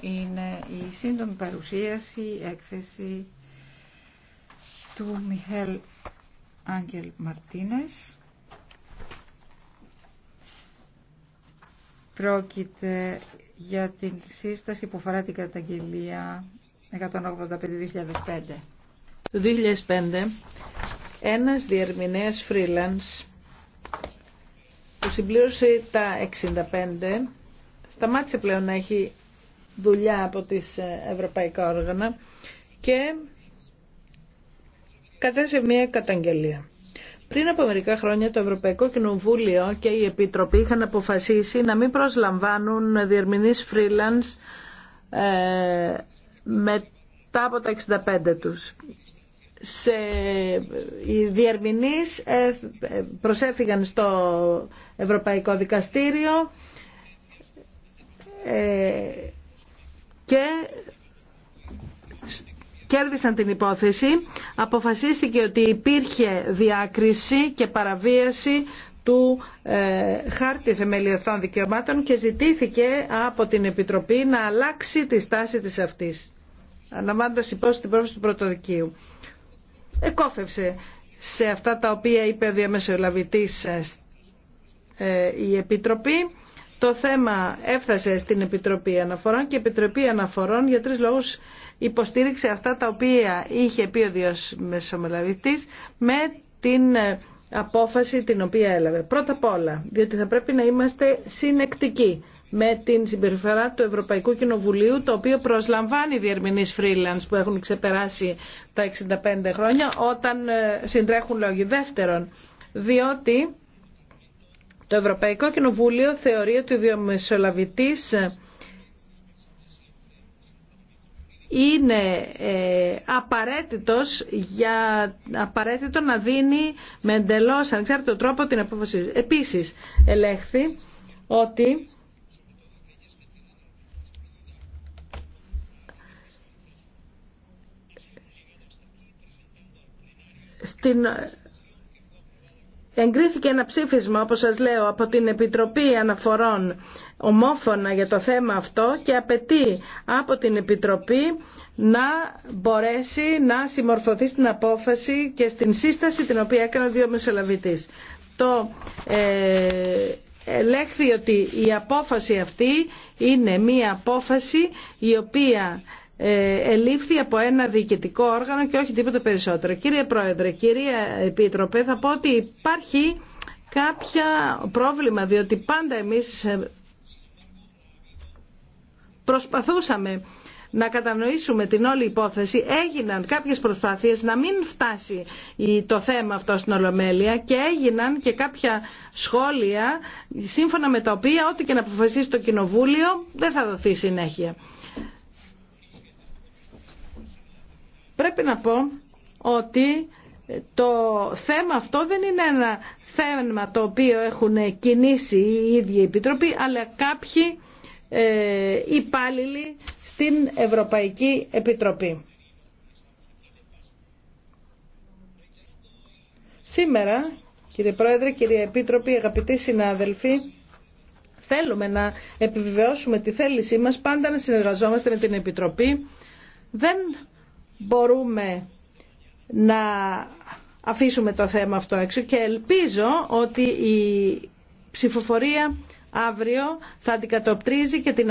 είναι η σύντομη παρουσίαση, η έκθεση του Μιχέλ Άγγελ Μαρτίνες. Πρόκειται για την σύσταση που αφορά την καταγγελία 185-2005. 2005, ένας διερμηνέας freelance που συμπλήρωσε τα 65 σταμάτησε πλέον να έχει δουλειά από τις ε, ευρωπαϊκά όργανα και κατέσε μια καταγγελία. Πριν από μερικά χρόνια το Ευρωπαϊκό Κοινοβούλιο και η Επιτροπή είχαν αποφασίσει να μην προσλαμβάνουν διερμηνείς freelance ε, μετά από τα 65 τους. Σε, οι διερμηνείς ε, προσέφηγαν στο Ευρωπαϊκό Δικαστήριο και κέρδισαν την υπόθεση. Αποφασίστηκε ότι υπήρχε διάκριση και παραβίαση του ε, χάρτη θεμελιωθών δικαιωμάτων και ζητήθηκε από την Επιτροπή να αλλάξει τη στάση της αυτής, αναμάντας υπόψη την πρόφαση του Πρωτοδικείου. Εκόφευσε σε αυτά τα οποία είπε ο διαμεσολαβητής ε, ε, η Επιτροπή το θέμα έφτασε στην Επιτροπή Αναφορών και η Επιτροπή Αναφορών για τρεις λόγους υποστήριξε αυτά τα οποία είχε πει ο Μεσομελαβητής με την ε, απόφαση την οποία έλαβε. Πρώτα απ' όλα, διότι θα πρέπει να είμαστε συνεκτικοί με την συμπεριφορά του Ευρωπαϊκού Κοινοβουλίου, το οποίο προσλαμβάνει διερμηνείς freelance που έχουν ξεπεράσει τα 65 χρόνια όταν ε, συντρέχουν λόγοι. Δεύτερον, διότι το Ευρωπαϊκό Κοινοβούλιο θεωρεί ότι ο διαμεσολαβητής ε, είναι ε, απαραίτητος για απαραίτητο να δίνει με εντελώ ανεξάρτητο τρόπο την απόφαση. Επίσης, ελέγχθη ότι στην Εγκρίθηκε ένα ψήφισμα, όπως σας λέω, από την Επιτροπή Αναφορών ομόφωνα για το θέμα αυτό και απαιτεί από την Επιτροπή να μπορέσει να συμμορφωθεί στην απόφαση και στην σύσταση την οποία έκανε ο Διόμεσολαβητής. Το ε, ελέγχθη ότι η απόφαση αυτή είναι μία απόφαση η οποία ε, ελήφθη από ένα διοικητικό όργανο και όχι τίποτα περισσότερο. Κύριε Πρόεδρε, κύριε Επίτροπε, θα πω ότι υπάρχει κάποια πρόβλημα, διότι πάντα εμείς ε, προσπαθούσαμε να κατανοήσουμε την όλη υπόθεση. Έγιναν κάποιες προσπάθειες να μην φτάσει το θέμα αυτό στην Ολομέλεια και έγιναν και κάποια σχόλια σύμφωνα με τα οποία ό,τι και να αποφασίσει το Κοινοβούλιο δεν θα δοθεί συνέχεια. Πρέπει να πω ότι το θέμα αυτό δεν είναι ένα θέμα το οποίο έχουν κινήσει οι ίδιοι οι αλλά κάποιοι ε, υπάλληλοι στην Ευρωπαϊκή Επιτροπή. Σήμερα, κύριε Πρόεδρε, κύριε Επίτροπη, αγαπητοί συνάδελφοι, θέλουμε να επιβεβαιώσουμε τη θέλησή μας πάντα να συνεργαζόμαστε με την Επιτροπή. Δεν μπορούμε να αφήσουμε το θέμα αυτό έξω και ελπίζω ότι η ψηφοφορία αύριο θα αντικατοπτρίζει και την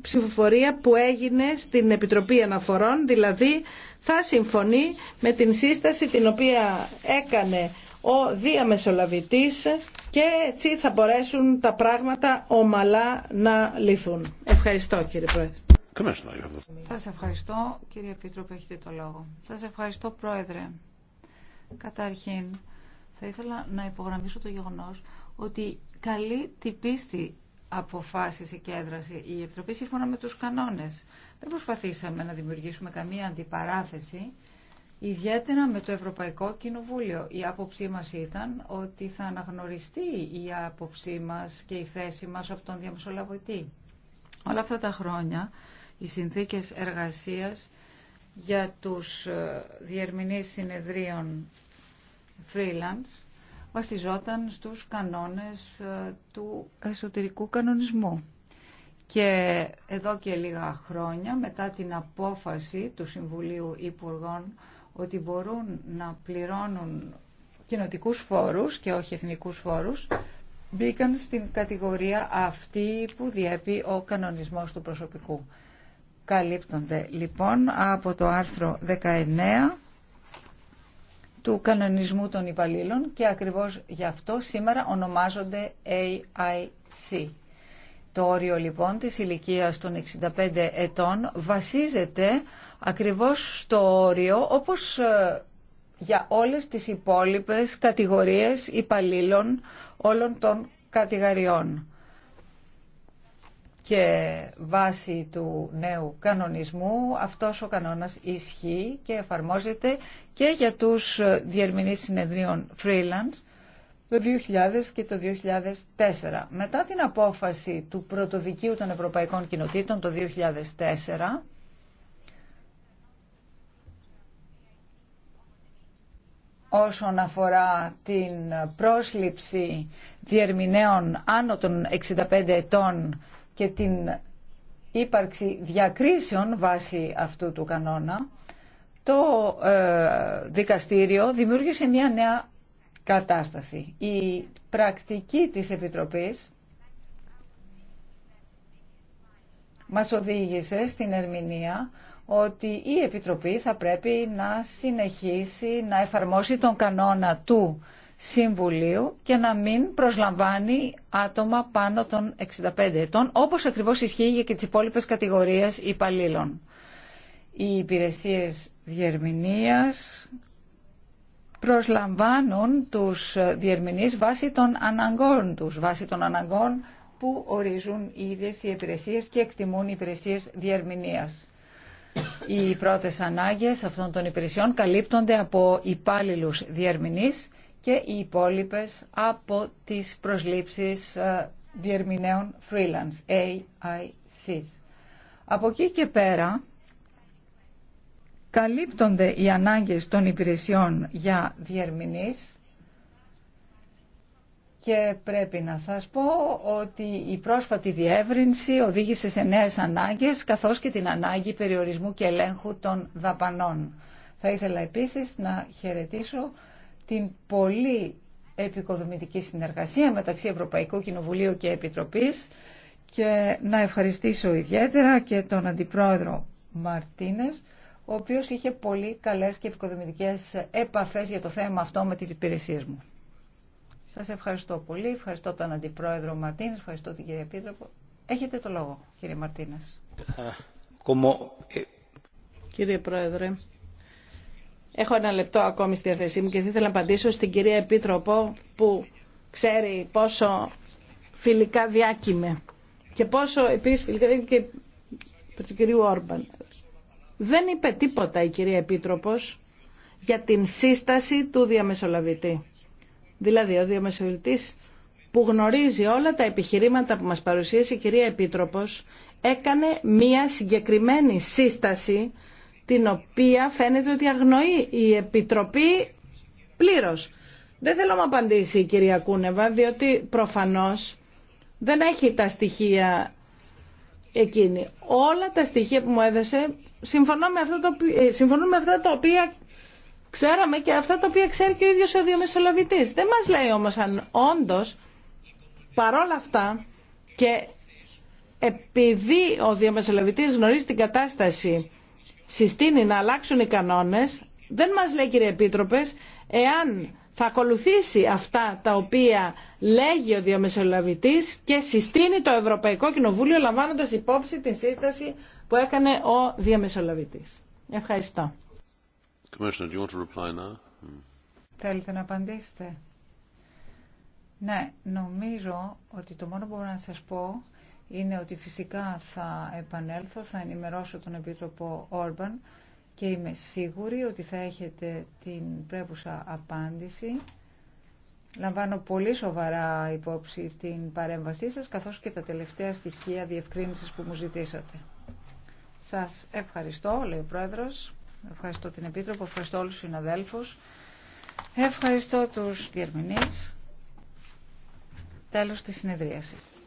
ψηφοφορία που έγινε στην Επιτροπή Αναφορών, δηλαδή θα συμφωνεί με την σύσταση την οποία έκανε ο διαμεσολαβητής και έτσι θα μπορέσουν τα πράγματα ομαλά να λυθούν. Ευχαριστώ κύριε Πρόεδρε. Σας ευχαριστώ, κύριε Επίτροπε, έχετε το λόγο. Σας ευχαριστώ, Πρόεδρε. Καταρχήν, θα ήθελα να υπογραμμίσω το γεγονός ότι καλή την πίστη αποφάσισε και έδρασε η Επιτροπή σύμφωνα με τους κανόνες. Δεν προσπαθήσαμε να δημιουργήσουμε καμία αντιπαράθεση, ιδιαίτερα με το Ευρωπαϊκό Κοινοβούλιο. Η άποψή μας ήταν ότι θα αναγνωριστεί η άποψή μας και η θέση μας από τον διαμεσολαβητή. Όλα αυτά τα χρόνια οι συνθήκες εργασίας για τους ε, διερμηνείς συνεδρίων freelance βασιζόταν στους κανόνες ε, του εσωτερικού κανονισμού. Και εδώ και λίγα χρόνια μετά την απόφαση του Συμβουλίου Υπουργών ότι μπορούν να πληρώνουν κοινοτικούς φόρους και όχι εθνικούς φόρους, μπήκαν στην κατηγορία αυτή που διέπει ο κανονισμός του προσωπικού καλύπτονται λοιπόν από το άρθρο 19 του κανονισμού των υπαλλήλων και ακριβώς γι' αυτό σήμερα ονομάζονται AIC. Το όριο λοιπόν της ηλικίας των 65 ετών βασίζεται ακριβώς στο όριο όπως ε, για όλες τις υπόλοιπες κατηγορίες υπαλλήλων όλων των κατηγοριών και βάσει του νέου κανονισμού αυτός ο κανόνας ισχύει και εφαρμόζεται και για τους διερμηνείς συνεδρίων freelance το 2000 και το 2004. Μετά την απόφαση του Πρωτοδικείου των Ευρωπαϊκών Κοινοτήτων το 2004, όσον αφορά την πρόσληψη διερμηνέων άνω των 65 ετών και την ύπαρξη διακρίσεων βάσει αυτού του κανόνα, το ε, δικαστήριο δημιούργησε μια νέα κατάσταση. Η πρακτική της Επιτροπής μας οδήγησε στην ερμηνεία ότι η Επιτροπή θα πρέπει να συνεχίσει να εφαρμόσει τον κανόνα του Συμβουλίου και να μην προσλαμβάνει άτομα πάνω των 65 ετών, όπως ακριβώς ισχύει για και τις υπόλοιπες κατηγορίες υπαλλήλων. Οι υπηρεσίες διερμηνίας προσλαμβάνουν τους διερμηνείς βάσει των αναγκών τους, βάσει των αναγκών που ορίζουν οι ίδιες οι υπηρεσίες και εκτιμούν οι υπηρεσίες διερμηνίας. Οι πρώτες ανάγκες αυτών των υπηρεσιών καλύπτονται από υπάλληλους διερμηνείς και οι υπόλοιπε από τις προσλήψεις ε, διερμηνέων freelance, AICs. Από εκεί και πέρα καλύπτονται οι ανάγκες των υπηρεσιών για διερμηνείς και πρέπει να σας πω ότι η πρόσφατη διεύρυνση οδήγησε σε νέες ανάγκες καθώς και την ανάγκη περιορισμού και ελέγχου των δαπανών. Θα ήθελα επίσης να χαιρετήσω την πολύ επικοδομητική συνεργασία μεταξύ Ευρωπαϊκού Κοινοβουλίου και Επιτροπής και να ευχαριστήσω ιδιαίτερα και τον Αντιπρόεδρο Μαρτίνες ο οποίος είχε πολύ καλές και επικοδομητικές επαφές για το θέμα αυτό με τις υπηρεσίες μου. Σας ευχαριστώ πολύ. Ευχαριστώ τον Αντιπρόεδρο Μαρτίνες, ευχαριστώ την κυρία Επίτροπο. Έχετε το λόγο, κύριε Μαρτίνες. Ε, ε, κύριε Πρόεδρε, Έχω ένα λεπτό ακόμη στη διαθέσή μου και θα ήθελα να απαντήσω στην κυρία Επίτροπο που ξέρει πόσο φιλικά διάκυμε και πόσο επίσης φιλικά και του κυρίου Όρμπαν. Δεν είπε τίποτα η κυρία Επίτροπος για την σύσταση του διαμεσολαβητή. Δηλαδή ο διαμεσολαβητής που γνωρίζει όλα τα επιχειρήματα που μας παρουσίασε η κυρία Επίτροπος έκανε μία συγκεκριμένη σύσταση την οποία φαίνεται ότι αγνοεί η Επιτροπή πλήρως. Δεν θέλω να απαντήσει η κυρία Κούνεβα, διότι προφανώς δεν έχει τα στοιχεία εκείνη. Όλα τα στοιχεία που μου έδωσε συμφωνώ με, αυτό το, ε, αυτά τα οποία ξέραμε και αυτά τα οποία ξέρει και ο ίδιος ο διαμεσολαβητής. Δεν μας λέει όμως αν όντως παρόλα αυτά και επειδή ο διαμεσολαβητής γνωρίζει την κατάσταση συστήνει να αλλάξουν οι κανόνες, δεν μας λέει κύριε Επίτροπες, εάν θα ακολουθήσει αυτά τα οποία λέγει ο διαμεσολαβητής και συστήνει το Ευρωπαϊκό Κοινοβούλιο λαμβάνοντας υπόψη την σύσταση που έκανε ο διαμεσολαβητής. Ευχαριστώ. Θέλετε να απαντήσετε. Ναι, νομίζω ότι το μόνο που μπορώ να σας πω είναι ότι φυσικά θα επανέλθω, θα ενημερώσω τον Επίτροπο Όρμπαν και είμαι σίγουρη ότι θα έχετε την πρέπουσα απάντηση. Λαμβάνω πολύ σοβαρά υπόψη την παρέμβασή σας, καθώς και τα τελευταία στοιχεία διευκρίνησης που μου ζητήσατε. Σας ευχαριστώ, λέει ο Πρόεδρος. Ευχαριστώ την Επίτροπο, ευχαριστώ όλους τους συναδέλφους. Ευχαριστώ τους διερμηνείς. Τέλος της συνεδρίασης.